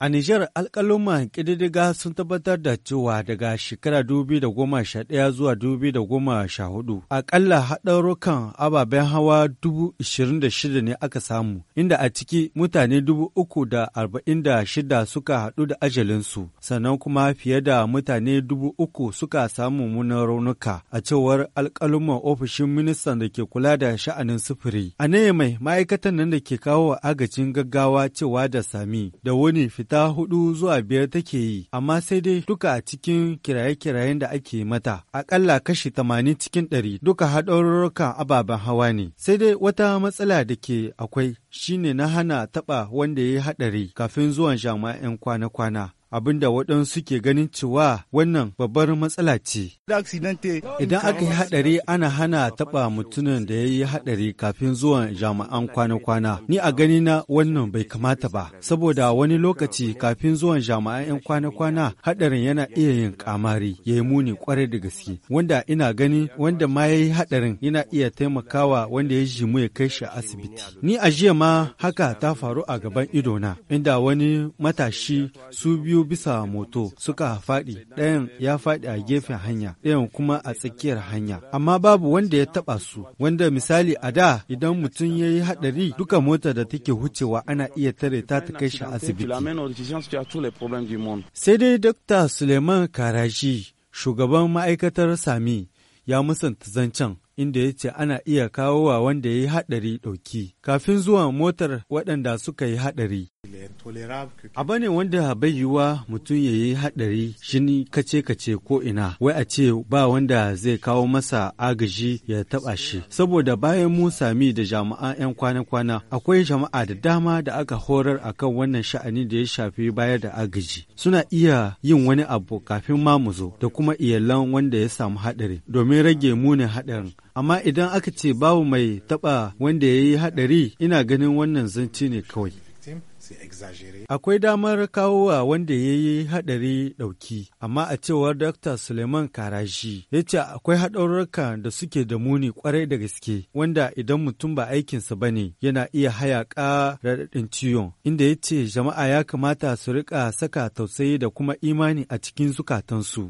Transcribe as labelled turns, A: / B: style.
A: A Nijar alƙaluman ƙididdiga sun tabbatar da cewa daga shekara 2011 zuwa 2014 aƙalla haɗarukan ababen hawa 26,000 ne aka samu, inda a ciki mutane 346 suka haɗu da ajalinsu, sannan kuma fiye da mutane 3,000 suka samu munar raunuka a cewar alƙaluman ofishin ministan da ke kula da sha'anin sufuri. A ne mai ma'aikatan nan da ke kawo agajin gaggawa cewa da sami da wuni fita hudu zuwa biyar take yi, amma sai dai duka a cikin kiraye-kirayen da ake mata, akalla kashi tamanin cikin ɗari duka haɗarurrukan ababen hawa ne. Sai dai wata matsala da ke akwai shine na hana taɓa wanda ya yi haɗari kafin zuwan jama'in kwana-kwana. Abin da waɗansu ke ganin cewa wannan babbar matsala ce. Idan aka yi haɗari ana hana taɓa mutumin da ya yi haɗari kafin zuwa jami'an kwana-kwana. Ni a gani na wannan bai kamata ba, saboda wani lokaci kafin zuwan jami'an 'yan kwana-kwana haɗarin yana iya yin kamari ya yi muni kwarai da gaske. Wanda ina gani wanda ma ya yi haɗarin yana iya taimakawa wanda ya jimu ya kai shi asibiti. Ni a jiya ma haka ta faru a gaban idona, inda wani matashi su biyu bisa moto suka faɗi ɗayan ya faɗi a gefen hanya ɗayan kuma a tsakiyar hanya amma babu wanda ya taɓa su wanda misali a da idan mutum ya yi haɗari duka mota da take hucewa ana iya tare ta ta kai shi asibiti sai dai dokta suleiman karashi shugaban ma'aikatar sami ya musanta zancen inda ya ce ana iya kawowa wanda ya yi haɗari ɗauki kafin zuwa motar waɗanda suka yi haɗari Abu ne wanda bai yiwuwa mutum ya yi haɗari shini kace-kace ko ina, wai a ce ba wanda zai kawo masa agaji ya taɓa shi. Saboda bayan mu sami da jama'a 'yan kwana-kwana, akwai jama'a da dama da aka horar akan wannan sha'ani da ya shafi bayar da agaji. Suna iya yin wani abu kafin ma mu zo da kuma iyalan wanda ya samu haɗari domin rage munin haɗarin. Amma idan aka ce babu mai taba wanda ya yi haɗari, ina ganin wannan zanci ne kawai. Akwai damar kawo wa wanda ya yi haɗari ɗauki, amma a cewar Dr. Suleiman Karashi ya ce akwai haɗarurruka da suke da muni ƙwarai da gaske, wanda idan mutum ba aikinsa ba ne yana iya hayaƙa raɗaɗin ciwon, inda ya ce jama'a ya kamata su riƙa saka tausayi da kuma imani a cikin zukatansu.